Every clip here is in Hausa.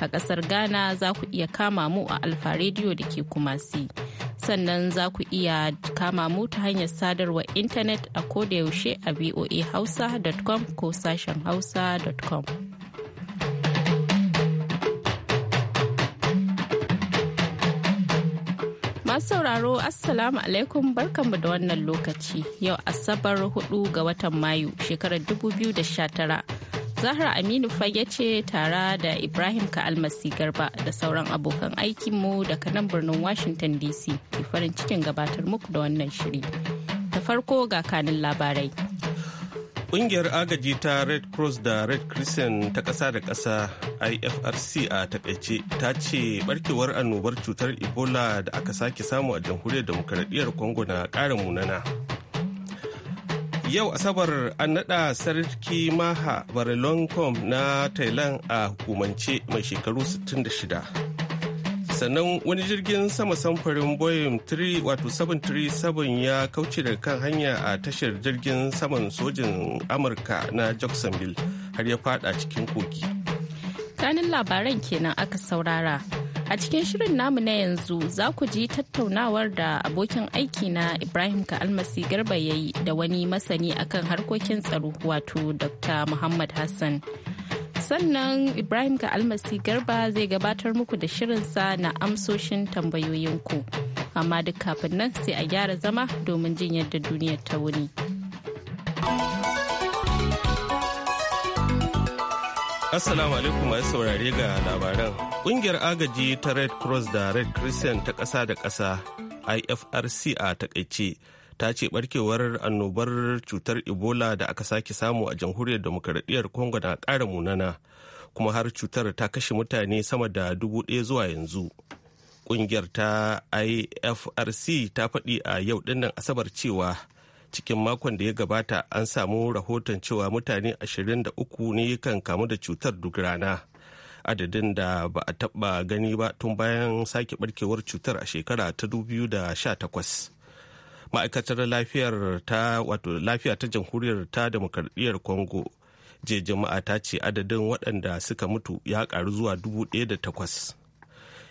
a ƙasar Ghana za ku iya kama mu a Alfa Radio da ke Kumasi. Sannan za ku iya kama mu ta hanyar sadarwa intanet a kodayaushe a voahausa.com ko sashen hausa.com. Masu sauraro Assalamu alaikum barkanmu da wannan lokaci yau Asabar 4 ga watan Mayu shekarar 2019. Zahra Aminu fage ce tare da Ibrahim Ka'almasi Garba da sauran abokan aikinmu daga nan birnin Washington DC ke farin cikin gabatar muku da wannan shiri. ta farko ga kanin labarai. Ƙungiyar agaji ta Red Cross da Red Crescent ta ƙasa da ƙasa IFRC a Taƙaice ta ce barkewar annobar cutar Ebola da aka sake samu a jamhuriyar demokradiyyar Congo na ƙara munana. Yau Asabar an naɗa Sarki Maha Barilonkom na Thailand a hukumance mai shekaru 66. Sannan wani jirgin sama samfurin Boeing 3 wato 737 ya kauce daga kan hanya a tashar jirgin saman sojin Amurka na Jacksonville har ya fada cikin kogi. Kanin labaran kenan aka saurara. A cikin shirin namu na yanzu za ku ji tattaunawar da abokin aiki na Ibrahim Ka'almasi Garba ya yi da wani masani akan harkokin tsaro wato Dr. Muhammad Hassan. Sannan Ibrahim Ka'almasi Garba zai gabatar muku da shirinsa na amsoshin tambayoyinku. Amma duk kafin nan sai a gyara zama domin jin yadda duniyar ta wuni. Assalamu alaikum masu saurare ga labaran. Kungiyar agaji ta Red Cross da Red christian ta ƙasa da ƙasa IFRC a takaice ta ce barkewar annobar cutar Ebola da aka sake samu a jamhuriyar demokradiyyar Congo na ƙara munana kuma har cutar ta kashe mutane sama da dubu ɗaya zuwa yanzu. Kungiyar ta IFRC ta faɗi a yau ɗinnan Asabar cewa cikin makon da ya gabata an samu rahoton cewa mutane 23 ne kan kamu da cutar duk rana adadin da ba a taɓa gani ba tun bayan sake barkewar cutar a shekara ta 2018 ma'aikatar lafiyar ta wato lafiya ta jamhuriyar ta demokradiyyar congo je jama'a ta ce adadin waɗanda suka mutu ya karu zuwa dubu ɗaya takwas.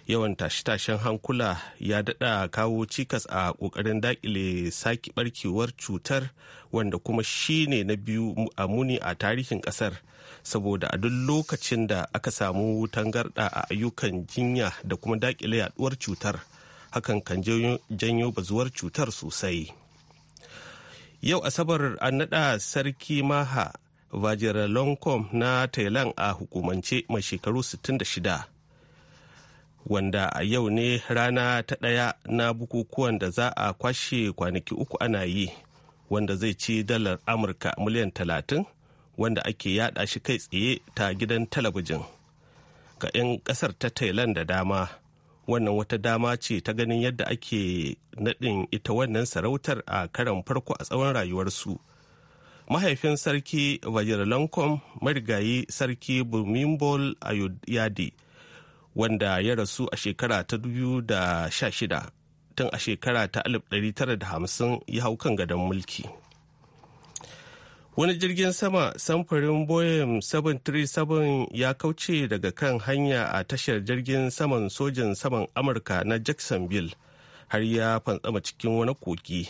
yawan tashe-tashen hankula ya daɗa kawo cikas a ƙoƙarin dakile sake barkewar cutar wanda kuma shi ne na biyu a muni a tarihin ƙasar saboda a duk lokacin da aka samu tangarda a ayyukan jinya da kuma dakile yaɗuwar cutar hakan kan janyo bazuwar cutar sosai yau asabar an naɗa sarki maha vajiralongkom na thailand a hukumance mai shekaru 66 wanda a yau ne rana ta ɗaya na bukukuwan da za a kwashe kwanaki uku ana yi wanda zai ci dalar amurka miliyan talatin wanda ake yada shi kai tsaye ta gidan talabijin ga 'yan kasar ta thailand da dama wannan wata dama ce ta ganin yadda ake naɗin ita wannan sarautar a karan farko a tsawon rayuwarsu mahaifin sarki vajiralankom marigayi sarki bumimbol ayodiyadi wanda ya rasu a shekara ta 2016 tun a shekara ta 1950 ya hau kan gadon mulki. Wani jirgin sama samfurin Boeing 737 ya kauce daga kan hanya a tashar jirgin saman sojin saman Amurka na Jacksonville har ya fantsama cikin wani koki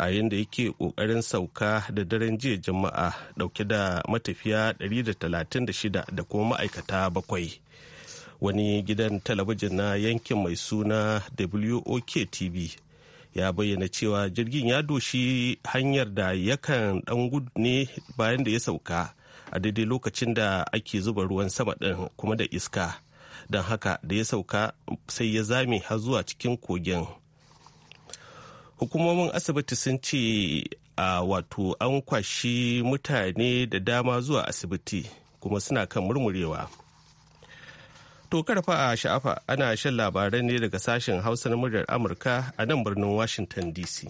a yadda yake ƙoƙarin sauka da daren jiya jama'a dauke da matafiya 136 da kuma ma'aikata bakwai. wani gidan talabijin na yankin mai suna wok tv ya bayyana cewa jirgin ya doshi hanyar da yakan dan gudu ne bayan da ya sauka a daidai lokacin da ake zuba ruwan sama din kuma da iska don haka da ya sauka sai ya zame har zuwa cikin kogin hukumomin asibiti sun ce a wato an kwashi mutane da dama zuwa asibiti kuma suna kan murmurewa To karfa a sha'afa ana shan labarai ne daga sashen Hausa na muryar Amurka a nan birnin Washington DC.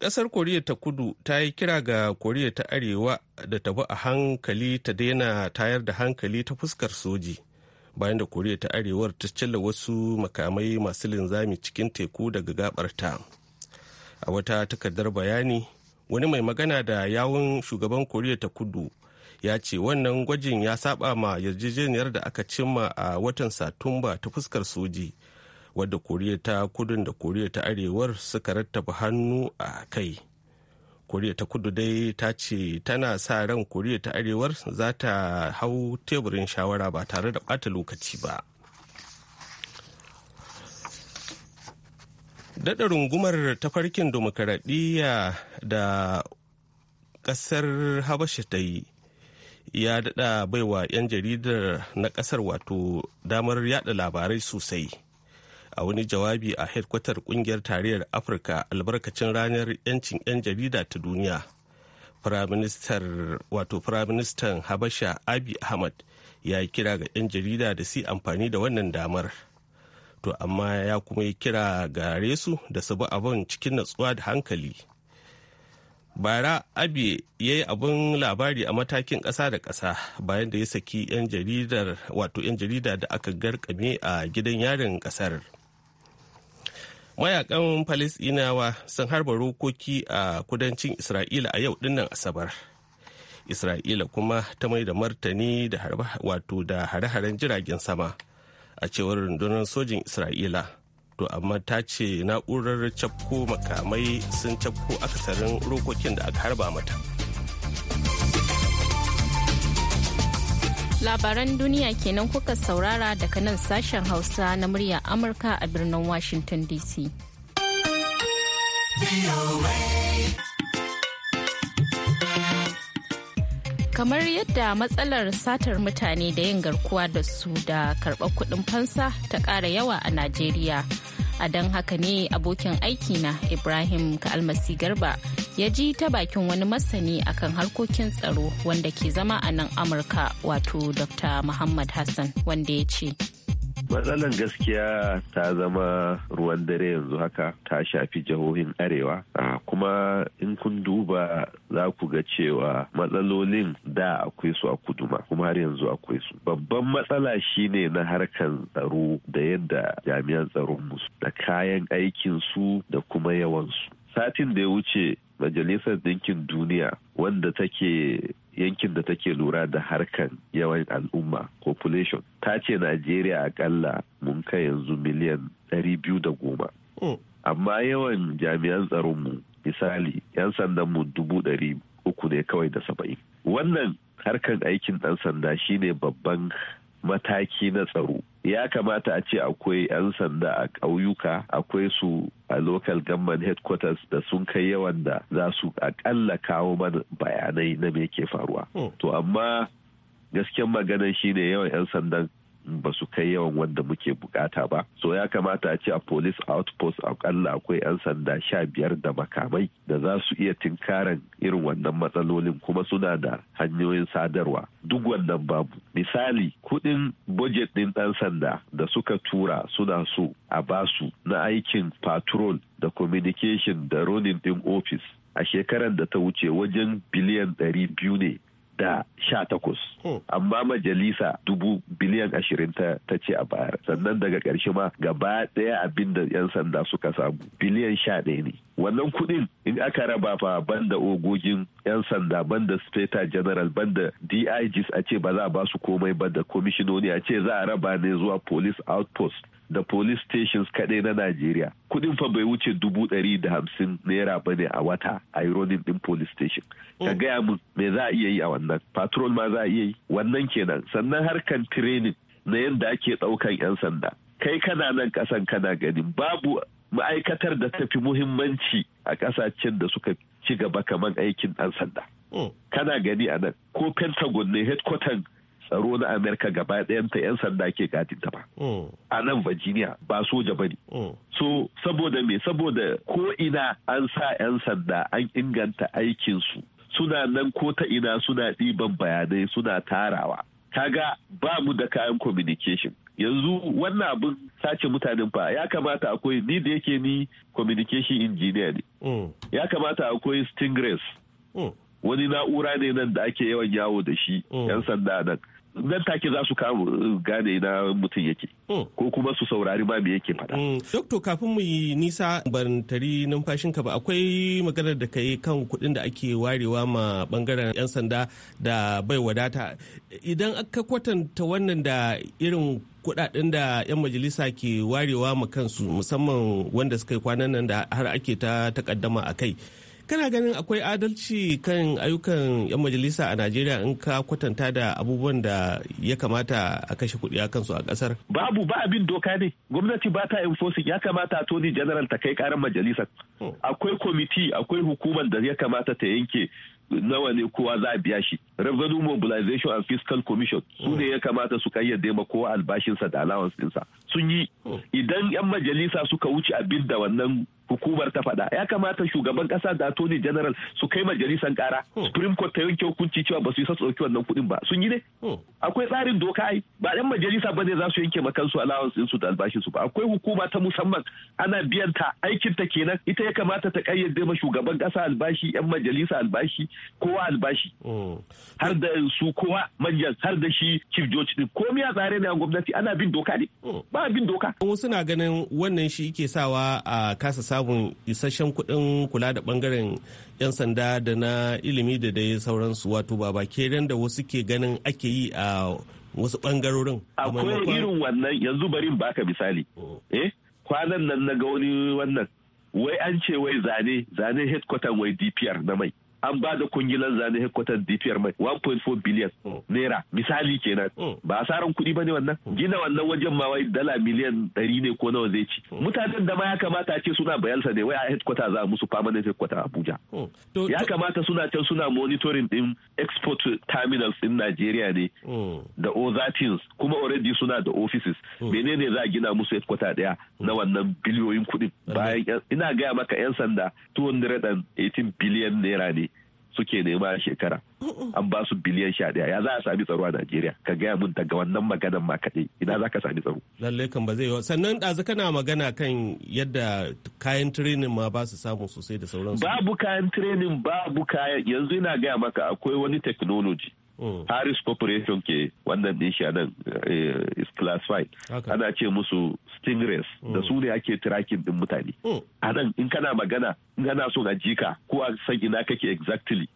Ƙasar Koriya ta kudu ta yi kira ga Koriya ta Arewa da ta bi a hankali ta daina tayar da hankali ta fuskar soji. bayan da koriya ta arewar ta cilla wasu makamai masu linzami cikin teku daga gabarta a wata takardar bayani wani mai magana da yawun shugaban koriya ta kudu ya ce wannan gwajin ya saba ma yarjejeniyar da aka cimma a watan satumba ta fuskar soji wadda koriya ta kudun da koriya ta arewar suka rattaba hannu a kai koriya ta kudu dai ta ce tana sa ran koriya ta arewar za ta hau teburin shawara ba tare da bata lokaci ba daɗa rungumar tafarkin dimokuraɗiyya da ƙasar habasha ta yi ya daɗa baiwa 'yan jaridar na ƙasar wato damar yada labarai sosai a wani jawabi a hedkwatar kungiyar tarayyar afirka albarkacin ranar 'yancin 'yan jarida ta duniya wato firaministan habasha abi ahmad ya yi kira ga 'yan jarida da su amfani da wannan damar to amma ya kuma yi kira gare su da su bi abin cikin natsuwa da hankali bara abi ya yi abin labari a matakin ƙasa da ƙasa bayan da ya saki 'yan jarida da aka garkame a gidan yarin ƙasar. mayakan Falisdinawa sun harba rokoki a kudancin Isra'ila a yau dinnan Asabar. Isra'ila kuma ta mai da martani da wato da hare-haren jiragen sama a cewar rundunar sojin Isra'ila. To amma ta ce na'urar cafko makamai sun cafko akasarin rokokin da aka harba mata. Labaran duniya kenan kuka saurara daga nan sashen Hausa na murya Amurka a birnin Washington DC. Kamar yadda matsalar satar mutane da yin garkuwa da su da karɓar kuɗin fansa ta ƙara yawa a Najeriya. A don haka ne abokin aikina Ibrahim Ka'almasi Garba ya ji ta bakin wani masani akan harkokin tsaro wanda ke zama a nan amurka wato dr muhammad hassan wanda ya ce matsalan gaskiya ta zama ruwan dare yanzu haka ta shafi jihohin arewa ah, kuma in kun duba za ku ga cewa matsalolin da akwai su a kuduma kuma har yanzu akwai su babban matsala shine na harkan tsaro da yadda jami'an tsaron musu da kayan aikinsu da kuma yawansu. satin da ya wuce majalisar ɗinkin duniya wanda take yankin da take lura da harkan yawan al'umma population ta ce najeriya akalla mun kai yanzu miliyan biyu da goma hmm. amma yawan jami'an tsaronmu misali 'yan sandanmu dubu dari uku ne kawai da saba'in wannan harkan aikin ɗan sanda shine babban mataki na tsaro ya kamata a ce akwai 'yan sanda a ƙauyuka akwai su a local government headquarters da sun kai yawan da za su aƙalla kawo mana bayanai na me ke faruwa. Hmm. To amma gasken maganar shine yawan 'yan sandan ba su kai yawan wanda muke bukata ba so ya kamata a ce a police outpost akalla akwai 'yan sanda sha biyar da makamai da za su iya tinkaran irin wannan matsalolin kuma suna da hanyoyin sadarwa duk wannan babu misali kudin budget din dan sanda da suka tura suna so a basu na aikin patrol da communication da running din office a shekarar da ta wuce wajen biliyan 200 ne da sha takwas. Hmm. Amma majalisa dubu biliyan ashirin ta ce a bayar. Sannan daga ƙarshe ma gaba ɗaya abin da 'yan sanda suka samu biliyan sha ɗaya ne. Wannan kuɗin in aka raba fa ban da ogogin 'yan sanda ban da speta general ban da DIGs a ce ba za a ba su komai ba da komishinoni a ce za a raba ne zuwa police outpost. da police stations kaɗai na Najeriya. Kuɗin fa bai wuce dubu ɗari da hamsin naira ba ne a wata a ironin ɗin police station. Ka mm. gaya mun me za a iya yi a wannan patrol ma za a iya yi wannan kenan sannan harkan training na yadda ake ɗaukan 'yan sanda. Kai kana nan ƙasan kana gani. babu ma'aikatar da ta fi muhimmanci a ƙasashen da suka ci gaba kamar aikin ɗan sanda. Mm. Kana gani a nan ko Pentagon ne headquarters tsaro na amerika gaba ɗayan ta 'yan sanda ke gadin ta ba mm. a nan virginia ba soja ba ne mm. so saboda me saboda ko ina an sa 'yan sanda an inganta aikinsu suna nan ko ta ina suna ɗiban bayanai suna tarawa kaga ba mu da kayan communication yanzu wannan abin sace mutanen fa ya kamata akwai ni da yake ni communication engineer ne mm. ya kamata akwai stingrays wani na'ura ne nan da ake yawan yawo da shi yan sanda nan nan take za su kawo gane na mutum yake hmm. ko kuma su saurari ma me yake faɗa. Hmm. Dokto kafin mu yi nisa barantari numfashinka ba akwai maganar da ka yi kan kuɗin da ake warewa ma bangaren 'yan sanda da bai wadata idan aka kwatanta wannan da irin kuɗaɗen da 'yan majalisa ke warewa ma kansu musamman wanda suka yi kwanan nan da har ake ta takaddama a kai kana ganin akwai adalci kan ayyukan 'yan majalisa a najeriya in ka kwatanta da abubuwan da ya kamata a kashe kuɗi a kansu a ƙasar babu ba abin doka ne gwamnati ba ta enforcing ya kamata a toni general ta kai karan majalisa hmm. akwai kwamiti akwai hukumar da ya kamata ta yanke nawa ne kowa za a biya shi revenue mobilization and fiscal commission su ne ya kamata su kayyade ma kowa albashinsa da allowance dinsa sun yi idan yan majalisa suka wuce abin da wannan hukumar ta faɗa ya kamata shugaban ƙasa da attorney general su kai majalisan kara oh. supreme court ta yanke hukunci cewa ba su yi sa tsoki wannan kuɗin ba sun yi ne oh. akwai tsarin doka ai ba yan majalisa ba ne za su yanke ma kansu allowance da albashin su ba akwai hukuma ta musamman ana biyan ta aikin ta kenan ita ya kamata ta kayyade ma shugaban kasa albashi yan majalisa albashi kowa albashi oh. har da su kowa manyan har da shi chief judge din komai a tsare ne a gwamnati ana bin doka ne oh. ba bin doka wasu na ganin wannan shi ke sawa a kasa samun isasshen kuɗin kula da bangaren yan sanda da na ilimi da dai sauransu wato ba ba da wasu ke ganin ake yi a wasu bangarorin akwai irin wannan yanzu bari baka misali oh. eh kwanan nan na ga wani wannan wai an ce wai zane zane headquarter wai DPR na mai an ba da kungilan zane headquarters DPR mai 1.4 billion. Hmm. naira misali kenan hmm. ba asaran kuɗi ba ne wannan hmm. gina wannan wajen ma wai dala miliyan ɗari ne ko nawa zai ci mutanen da ma ya kamata ce suna bayansa ne wai a headquarters za a musu permanent headquarters Abuja ya kamata suna can suna monitoring din export terminals din Najeriya ne da other kuma already suna da offices menene za a gina musu headquarters daya na wannan biliyoyin kuɗin bayan ina gaya maka 'yan sanda 218 billion naira ne suke nema shekara an ba su biliyan sha ɗaya ya za a sami tsaro a najeriya ka gaya mun daga wannan maganan ma kaɗai ina za ka sami tsaro lallai kan ba zai yi sannan ɗazu kana magana kan yadda kayan tirenin ma ba su samu sosai da sauransu babu kayan tirenin babu kayan yanzu ina gaya maka akwai wani technology harris mm. Corporation ke wannan din shi nan is classified. Ana ce musu stingrays da mm. su ne ake tracking din mutane. Mm. anan in kana magana in kana so na jika ko a san ina kake exactly.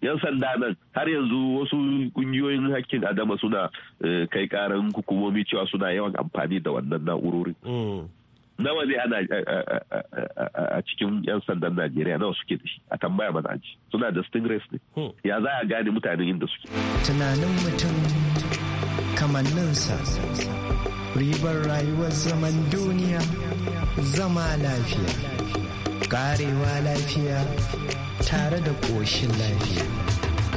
Yan sanda nan har yanzu wasu kungiyoyin hakkin adama suna eh, kai karan hukumomi cewa suna yawan amfani da wannan na'urorin. nawa ne ana eh, eh, eh, a cikin yan sandan najeriya nawa suke da shi a tambaya mana aji suna da stingrays ne hmm. ya za a gane mutanen inda suke tunanin mutum kamanninsa ribar rayuwar zaman duniya zama lafiya karewa lafiya tare da koshin lafiya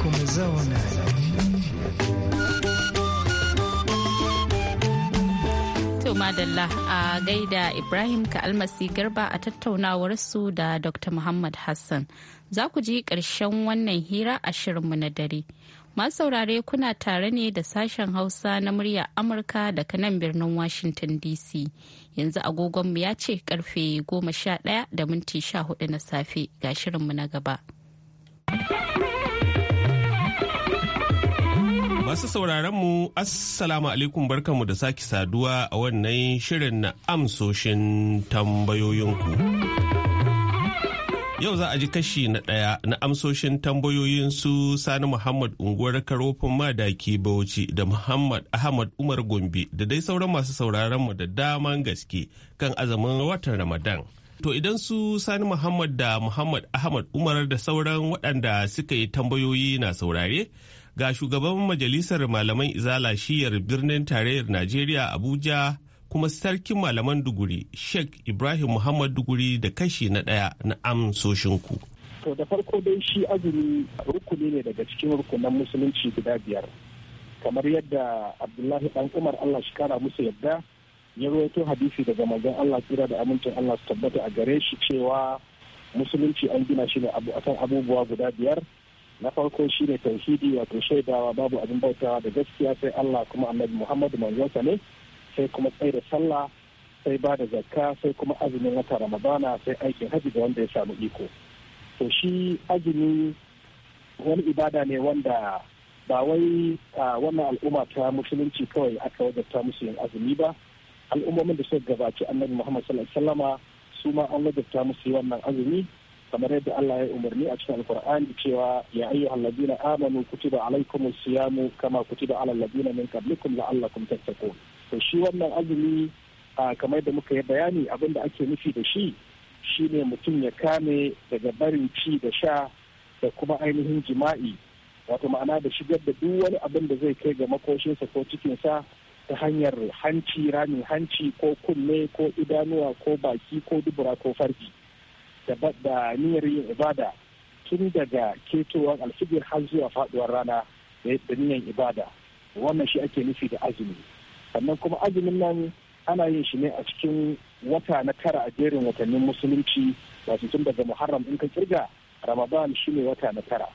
kuma zauna lafiya To Madalla a gaida Ibrahim ka almasi garba a tattaunawar su da Dr. Muhammad Hassan. Za ku ji ƙarshen wannan hira a shirinmu na dare. Masu saurare kuna tare ne da sashen Hausa na murya Amurka daga nan birnin Washington DC. Yanzu agogonmu ya ce karfe goma sha ɗaya da minti sha hudu na safe ga shirinmu na gaba. Masu sauraron mu Assalamu alaikum barkanmu da sake saduwa a wannan shirin na amsoshin tambayoyinku. Yau za a ji kashi na ɗaya na amsoshin tambayoyin su Sani Muhammad unguwar Karofin Madaki Bauchi da Muhammad Ahmad Umar Gombe da dai sauran masu sauraron mu da daman gaske kan azamin watan Ramadan. To idan su Sani Muhammad da Muhammad Ahmad Umar da sauran waɗanda suka yi tambayoyi na saurare, Ga shugaban majalisar malaman izala shiyar birnin tarayyar Najeriya Abuja kuma sarkin malaman duguri Sheikh Ibrahim Muhammad duguri da kashi na daya na amsoshinku. To da farko dai shi azumi rukuni ne daga cikin rukunan musulunci guda biyar. Kamar yadda Abdullahi dan Umar Allah shi kara musu yadda ya rawaito hadisi daga manzon Allah kira da amincin Allah su tabbata a gare shi cewa musulunci an gina shi ne abu akan abubuwa guda biyar na farko shi ne tauhidi wato shaidawa babu abin bautawa da gaskiya sai Allah kuma annabi Muhammadu manzonsa ne sai kuma tsaye da sallah sai ba da zakka sai kuma azumin wata ramadana sai aikin haji da wanda ya samu iko to shi azumi wani ibada ne wanda ba wai wannan al'umma ta musulunci kawai aka wajabta musu yin azumi ba al'ummomin da suka gabaci annabi Muhammad sallallahu alaihi wasallama su ma an wajabta musu wannan azumi kamar yadda Allah ya umarni a cikin alkur'ani cewa ya ayyu alladina amanu kutiba alaikum siyamu kama kutiba ala alladina min qablikum la'allakum tattaqun to shi wannan azumi kamar da muka yi bayani abin da ake nufi da shi shine mutum ya kame daga barin ci da sha da kuma ainihin jima'i wato ma'ana da shigar da duk wani abin da zai kai ga makoshinsa ko cikinsa ta hanyar hanci ramin hanci ko kunne ko idanuwa ko baki ko dubura ko farki. da niyyar yin ibada tun daga ketowar alfijir har zuwa faduwar rana da niyyar ibada wannan shi ake nufi da azumi sannan kuma azumin nan ana yin shi ne a cikin wata na tara a jerin watannin musulunci wato tun daga muharram in ka kirga ramadan shi ne wata na tara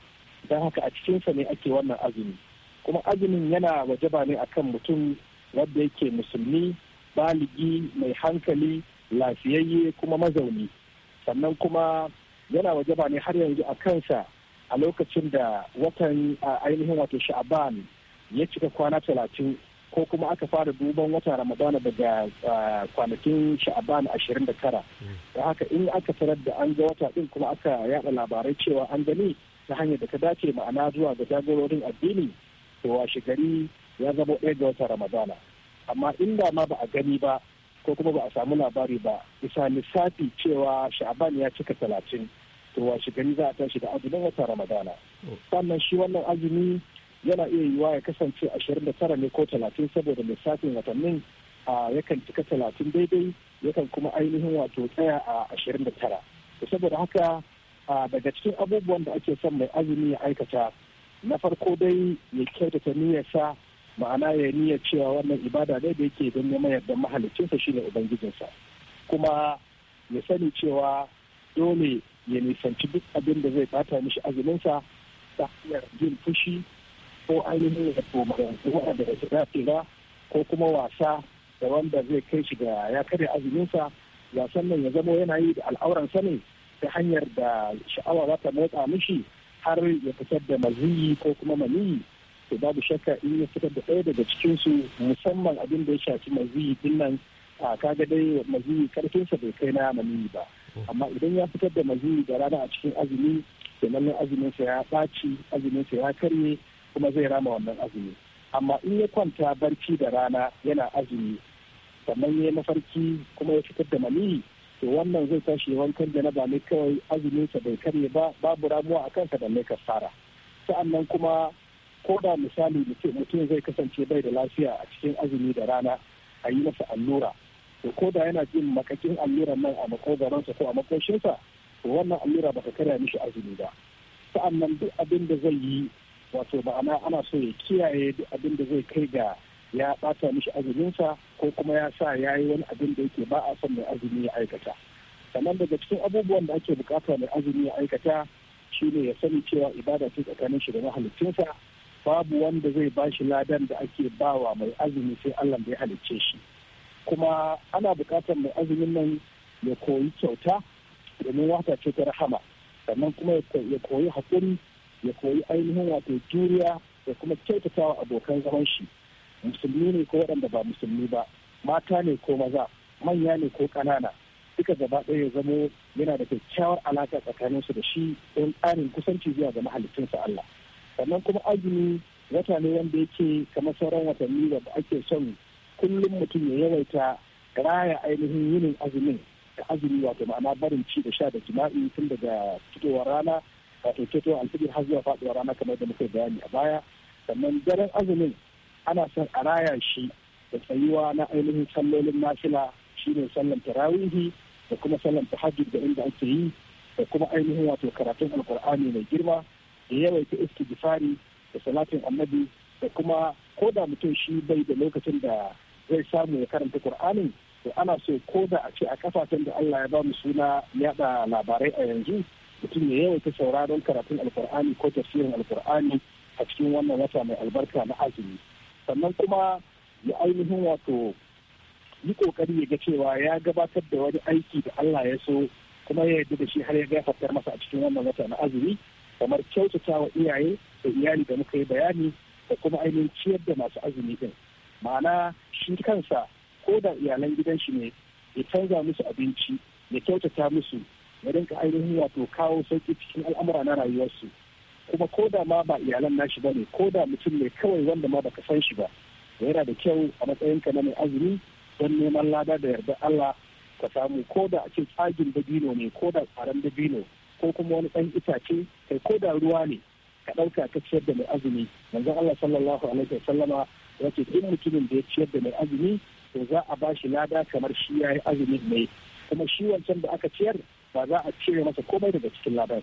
don haka a cikinsa ne ake wannan azumi kuma azumin yana wajaba ne akan mutum wadda yake musulmi baligi mai hankali lafiyayye kuma mazauni sannan kuma yana waje ba ne har yanzu a kansa a lokacin da watan ainihin wato sha'aban ya cika kwana talatin ko kuma aka fara duban wata ramadana daga kwanakin sha'aban ashirin da tara da haka in aka tarar da an ga wata din kuma aka yada labarai cewa an gani ta hanyar da ta dace ma'ana zuwa ga jagororin addini to washe gari ya zama ɗaya ga wata ramadana amma inda ma ba a gani ba ko kuma ba a samu labari ba isa lissafi cewa sha'aban ya cika talatin to shi gani za a tashi da azumin wata ramadana sannan shi wannan azumi yana iya yiwa ya kasance ashirin da tara ne ko talatin saboda lissafin watannin yakan cika talatin daidai yakan kuma ainihin wato tsaya a ashirin da tara saboda haka daga cikin abubuwan da ake son mai azumi ya aikata na farko dai ya kyautata sa. ma'ana ya niyyar cewa wannan ibada ne da yake don neman yadda mahalicinsa shine ubangijinsa kuma ya sani cewa dole ya nisanci duk abin da zai bata mishi azuminsa ta hanyar jin fushi ko ainihin ya koma da ya dace ko kuma wasa da wanda zai kai shi ga ya karya azuminsa wasan nan ya zamo yana yi da al'auran sani ta hanyar da sha'awa za ta motsa mishi har ya fitar da maziyi ko kuma maniyi to babu shakka in ya fitar da ɗaya daga cikinsu musamman abin da ya shafi maziyi din nan a kaga dai maziyi karfinsa bai kai na maniyi ba amma idan ya fitar da maziyi da rana a cikin azumi to lallai azuminsa ya ɓaci azuminsa ya karye kuma zai rama wannan azumi amma in ya kwanta barci da rana yana azumi sannan ya mafarki kuma ya fitar da maniyi to wannan zai tashi wankan ba ne kawai azuminsa bai karye ba babu ramuwa a kansa da mai sa'an nan kuma ko da misali mutum zai kasance bai da lafiya a cikin azumi da rana a yi masa allura to ko da yana jin makakin alluran nan a makogaransa ko a makoshinsa to wannan allura ba ka karya mishi azumi ba sa'annan duk abin da zai yi wato ma'ana ana so ya kiyaye duk abin da zai kai ga ya bata mishi azuminsa ko kuma ya sa ya yi wani abin da yake ba a son mai azumi ya aikata sannan daga cikin abubuwan da ake bukata mai azumi ya aikata shi ne ya sani cewa ibada ce tsakanin shi da mahalicinsa babu wanda zai ba shi ladan da ake bawa mai azumi sai Allah bai halicce shi kuma ana bukatar mai azumin nan ya koyi kyauta domin wata ce ta rahama sannan kuma ya koyi haƙuri ya koyi ainihin wato juriya ya kuma kyautata wa abokan zaman shi musulmi ne ko waɗanda ba musulmi ba mata ne ko maza manya ne ko ƙanana duka gaba ɗaya ya zamo yana da kyakkyawar alaƙa tsakaninsu da shi don tsarin kusanci zuwa ga mahalicinsa Allah sannan kuma azumi wata ne wanda yake kamar sauran watanni da ake son kullum mutum ya yawaita raya ainihin yinin azumin da azumi wato ma'ana barin ci da sha da jima'i tun daga fitowar rana wato fitowar alfijir har zuwa faduwar rana kamar da muka bayani a baya sannan daren azumin ana son a raya shi da tsayuwa na ainihin sallolin nafila shine sallan tarawihi da kuma sallan tahajjud da inda ake yi da kuma ainihin wato karatun alkur'ani mai girma da yawaita istighfari da salatin annabi da kuma ko da mutum shi bai da lokacin da zai samu ya karanta qur'anin to ana so ko da a ce a kafafen da Allah ya ba mu suna yada labarai a yanzu mutum ya yawaita sauraron karatun alkur'ani ko tafsirin alkur'ani a cikin wannan wata mai albarka na azumi sannan kuma ya ainihin wato yi kokari ya ga cewa ya gabatar da wani aiki da Allah ya so kuma ya yarda da shi har ya gafartar masa a cikin wannan wata na azumi kamar kyautata wa iyaye da iyali da muka yi bayani da kuma ainihin ciyar da masu azumi din ma'ana shi kansa ko da iyalan gidan shi ne ya canza musu abinci ya kyautata musu ya rinka ainihin wato kawo sauki cikin al'amura na rayuwarsu kuma ko da ma ba iyalan nashi ba ne ko da mutum ne kawai wanda ma baka san shi ba yana da kyau a matsayinka na mai azumi don neman lada da yarda Allah ka samu ko da a ce tsagin dabino ne ko da tsaron dabino ko kuma wani ɗan itace kai ko da ruwa ne ka ɗauka ka ciyar da mai azumi manzon Allah sallallahu alaihi wa sallama ya ce duk mutumin da ya ciyar da mai azumi to za a ba shi lada kamar shi ya yi azumi ne kuma shi wancan da aka ciyar ba za a cire masa komai daga cikin sa ba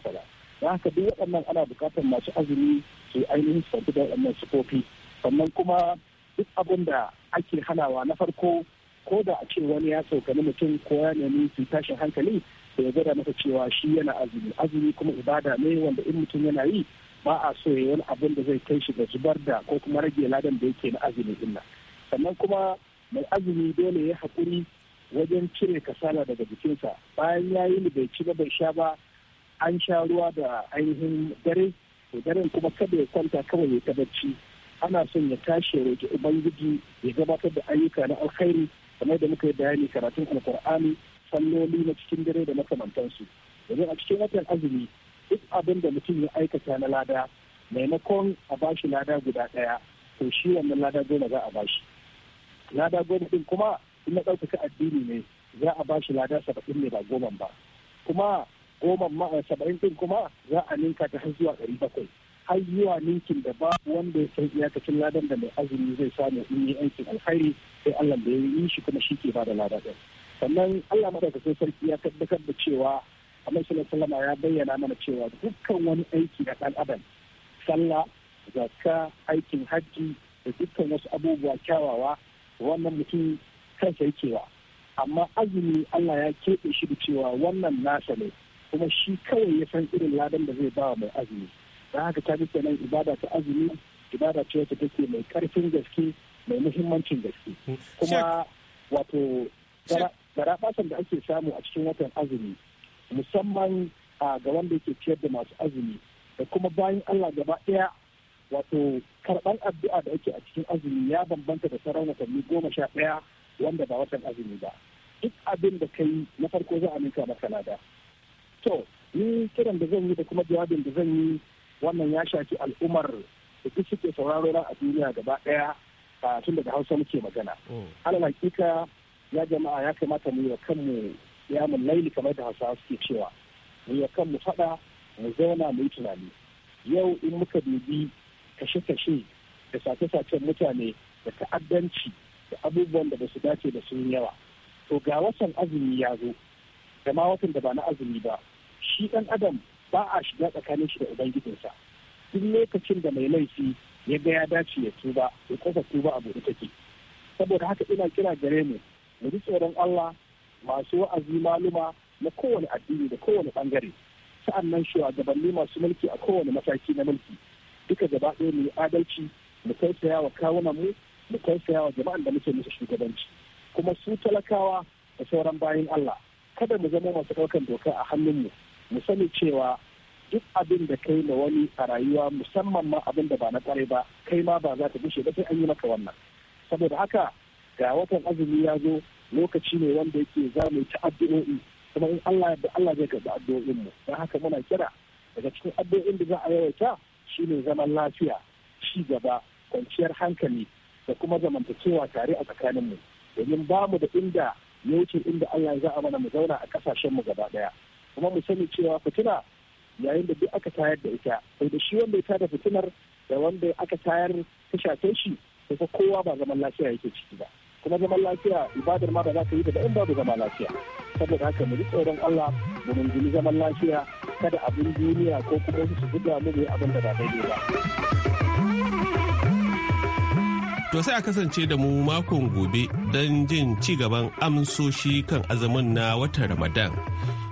da haka duk waɗannan ana buƙatar masu azumi su ainihin su da waɗannan sufofi sannan kuma duk abin da ake hanawa na farko ko da a ce wani ya saukani mutum ko ya nemi su tashin hankali da ya gada masa cewa shi yana azumi azumi kuma ibada ne wanda in mutum yana yi ba a so ya wani abin da zai kai shi ga zubar da ko kuma rage ladan da yake na azumi din nan sannan kuma mai azumi dole ya haƙuri wajen cire kasala daga jikinsa bayan ya yi ni bai ci ba bai sha ba an sha ruwa da ainihin dare to daren kuma kada ya kwanta kawai ya ta bacci ana son ya tashi ya roƙi ubangiji ya gabatar da ayyuka na alkhairi kamar da muka yi bayani karatun alkur'ani salloli na cikin dare da makamantansu domin a cikin watan azumi duk abin da mutum ya aikata na lada maimakon a bashi lada guda ɗaya to shi wannan lada goma za a ba shi lada goma ɗin kuma ina na ɗaukaka addini ne za a bashi lada saba'in ne ba goma ba kuma goman ma eh, saba'in ɗin kuma za a ninka ta har zuwa ɗari bakwai har zuwa ninkin da ba wanda ya san iyakacin ladan da mai azumi zai samu in yi aikin alkhairi sai Allah da ya yi shi kuma shi ke ba da lada ɗin. sannan Allah madaukakin sarki ya tabbatar da cewa Annabi sallallahu alaihi ya bayyana mana cewa dukkan wani aiki na dan adam sallah zakka aikin hajji da dukkan wasu abubuwa kyawawa wannan mutum kansa yake wa amma azumi Allah ya keɓe shi da cewa wannan nasa ne kuma shi kawai ya san irin ladan da zai ba mai azumi don haka ta fi nan ibada ta azumi ibada ce wacce take mai karfin gaske mai muhimmancin gaske mm. kuma wato garafasan da ake samu a cikin watan azumi musamman ga wanda yake ciyar da masu azumi da kuma bayan allah gaba daya wato karɓar addu'a da ake a cikin azumi ya bambanta da sauran watanni goma sha ɗaya wanda ba watan azumi ba duk abin da kai na farko za a nika maka lada to ni kiran da zan yi da kuma jawabin da zan yi wannan ya shafi al'ummar da duk suke sauraro a duniya gaba daya tun daga hausa muke magana oh. alal hakika ya jama'a ya kamata mu yi wa kanmu ya mun laili kamar da hausawa suke cewa mu yi kanmu faɗa mu zauna mu yi tunani yau in muka dubi kashe-kashe da sace-sacen mutane da ta'addanci da abubuwan da ba su dace da sun yawa to ga watan azumi ya zo da ma watan da ba na azumi ba shi ɗan adam ba a shiga tsakanin shi da ubangijinsa duk lokacin da mai laifi ya ga ya dace ya tuba ya kofa tuba a buɗe take saboda haka ina kira gare mu mu ji tsoron Allah masu wa'azi maluma na kowane addini da kowane bangare sa'annan shugabanni masu mulki a kowane mataki na mulki duka gaba ɗaya mu adalci mu tausaya wa kawunan mu mu tausaya wa jama'an da muke musu shugabanci kuma su talakawa da sauran bayan Allah kada mu zama masu ɗaukan doka a hannunmu mu sani cewa duk abin da kai na wani a rayuwa musamman ma abin da ba na ƙare ba kai ma ba za ta bushe ba sai an yi maka wannan saboda haka ga watan azumi ya zo lokaci ne wanda yake za mu ta addu'o'i kuma in Allah da Allah zai karɓi addu'o'in mu dan haka muna kira daga cikin addu'o'in da za a yawaita shine zaman lafiya ci gaba kwanciyar hankali da kuma zamantakewa tare a tsakanin mu domin ba mu da inda ya wuce inda Allah za a mana mu zauna a kasashen mu gaba daya kuma mu sani cewa fitina yayin da duk aka tayar da ita sai da shi wanda ya tada fitinar da wanda aka tayar ta shafe shi sai kowa ba zaman lafiya yake ciki ba kuma zaman lafiya ibadar ma da za ka yi daga in babu zaman lafiya saboda haka mu ji tsoron Allah mu rungumi zaman lafiya kada abin duniya ko kuma su guda mu ne abin da ba daidai ba. To sai a kasance da mu makon gobe don jin ci gaban amsoshi kan azumin na watan Ramadan.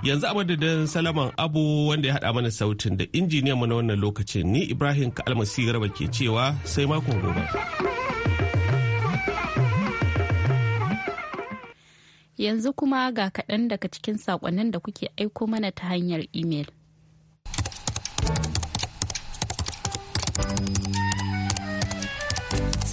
yanzu a madadin salaman abu wanda ya haɗa mana sautin da injiniyan mu na wannan lokacin ni ibrahim kalmasi garba ke cewa sai makon gobe. Yanzu kuma ga kaɗan daga cikin saƙonnin da kuke aiko mana ta hanyar imel.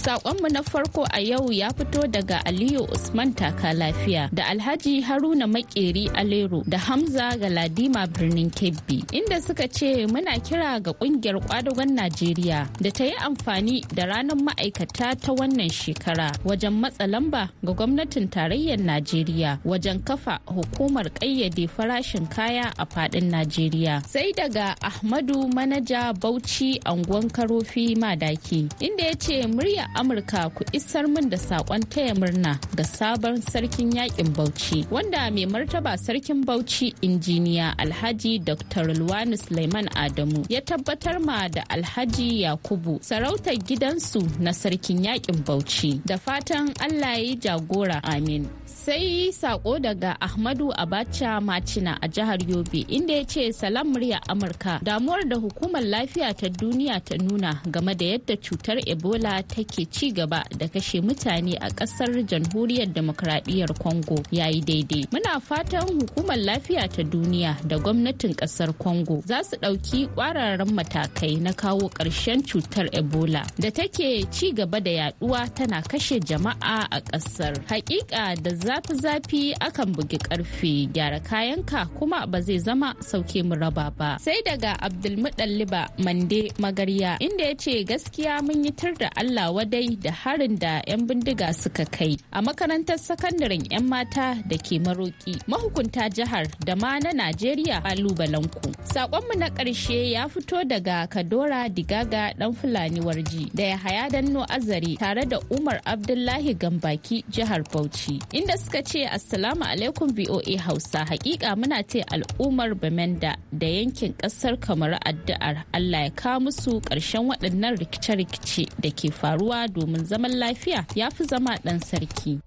Sakonmu na farko a yau ya fito daga Aliyu Usman Taka Lafiya da Alhaji Haruna Makeri Alero da Hamza ga Ladima Birnin Kebbi inda suka ce muna kira ga ƙungiyar kwadagon Najeriya da ta yi amfani da ranar ma'aikata ta wannan shekara wajen matsa lamba ga gwamnatin tarayyar Najeriya wajen kafa hukumar ƙayyade farashin kaya a faɗin Najeriya. Sai daga Ahmadu Manaja Bauchi Anguwan Karofi Madaki inda ya ce murya amurka ku isar min da sakon taya murna ga sabon sarkin yakin bauchi wanda mai martaba sarkin bauchi injiniya alhaji dr luwani suleiman adamu ya tabbatar ma da alhaji yakubu sarautar gidansu na sarkin yakin bauchi da fatan allah ya yi jagora amin sai saƙo daga ahmadu abacha macina a jihar yobe inda ya ce salam murya amurka damuwar da hukumar lafiya ta duniya ta nuna game da yadda cutar ebola take ci gaba da kashe mutane a ƙasar jamhuriyar demokradiyyar congo ya yi daidai muna fatan hukumar lafiya ta duniya da gwamnatin ƙasar congo za su ɗauki ƙwararren matakai na kawo ƙarshen cutar ebola da take ci gaba da yaduwa tana kashe jama'a a ƙasar hakika da za zafi zafi akan bugi karfe gyara kayan ka kuma ba zai zama sauke mu raba ba sai daga abdulmuɗalliba mande magarya inda ya ce gaskiya mun yi tar da allah wadai da harin da 'yan bindiga suka kai a makarantar sakandaren 'yan mata da ke maroki mahukunta jihar da ma na najeriya kalubalenku saƙonmu na ƙarshe ya fito daga kadora digaga ɗan fulani warji da ya haya danno azare tare da umar abdullahi gambaki jihar bauchi inda suka ce assalamu alaikum voa hausa hakika muna ce al'ummar bamenda da yankin kasar kamar addu'ar allah ya kawo musu ƙarshen waɗannan rikice-rikice da ke faruwa domin zaman lafiya ya fi zama ɗan sarki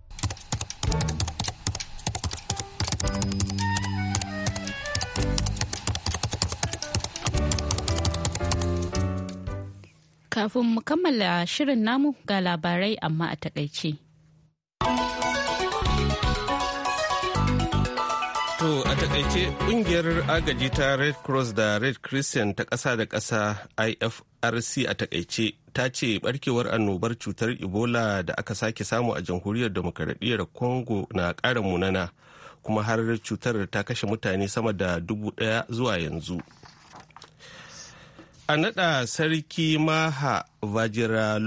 kafin mu kammala shirin namu ga labarai amma a takaice. takaice kungiyar agaji ta red cross da red christian ta kasa da kasa ifrc a takaice ta ce barkewar annobar cutar ebola da aka sake samu a jamhuriyar demokaradiyyar congo na kara munana kuma har cutar ta kashe mutane sama da dubu daya zuwa yanzu a naɗa sarki maha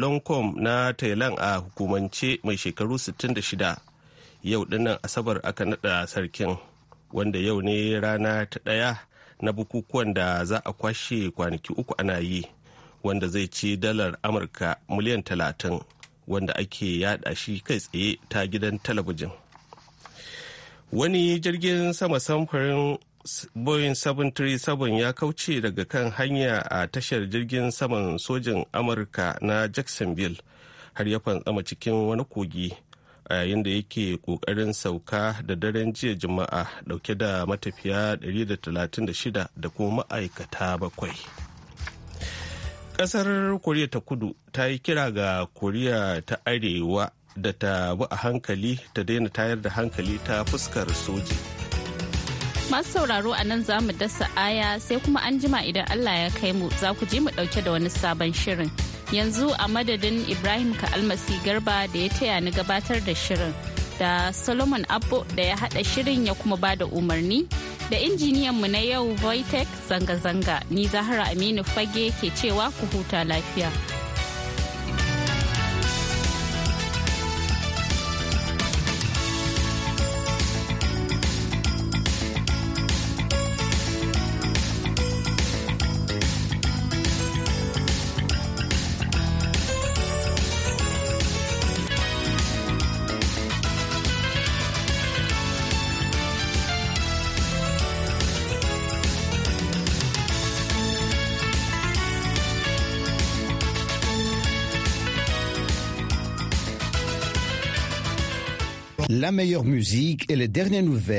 longcom na thailand a hukumance mai shekaru 66 yau dinnan asabar aka naɗa sarkin wanda yau ne rana ta ɗaya na bukukuwan da za a kwashe kwanaki uku ana yi wanda zai ci dalar amurka miliyan talatin wanda ake yada shi kai tsaye ta gidan talabijin wani jirgin sama samfurin boeing 737 ya kauce daga kan hanya a tashar jirgin saman sojin amurka na jacksonville har ya fantsama cikin wani kogi a yayin da yake kokarin sauka da daren jiya juma'a dauke da matafiya 136 da kuma ma'aikata bakwai kasar koriya ta kudu ta yi kira ga koriya ta arewa da ta bi a hankali ta daina tayar da hankali ta fuskar soji masu sauraro a nan za mu dasa aya sai kuma an jima idan allah ya kai mu za ku je mu dauke da wani sabon shirin yanzu a madadin ibrahim ka'almasi garba da ya taya ni gabatar da shirin da solomon abbo da ya hada shirin ya kuma ba da umarni da injiniyan mu na yau voitech zanga-zanga ni zahara aminu fage ke cewa ku huta lafiya. la meilleure musique et les dernières nouvelles.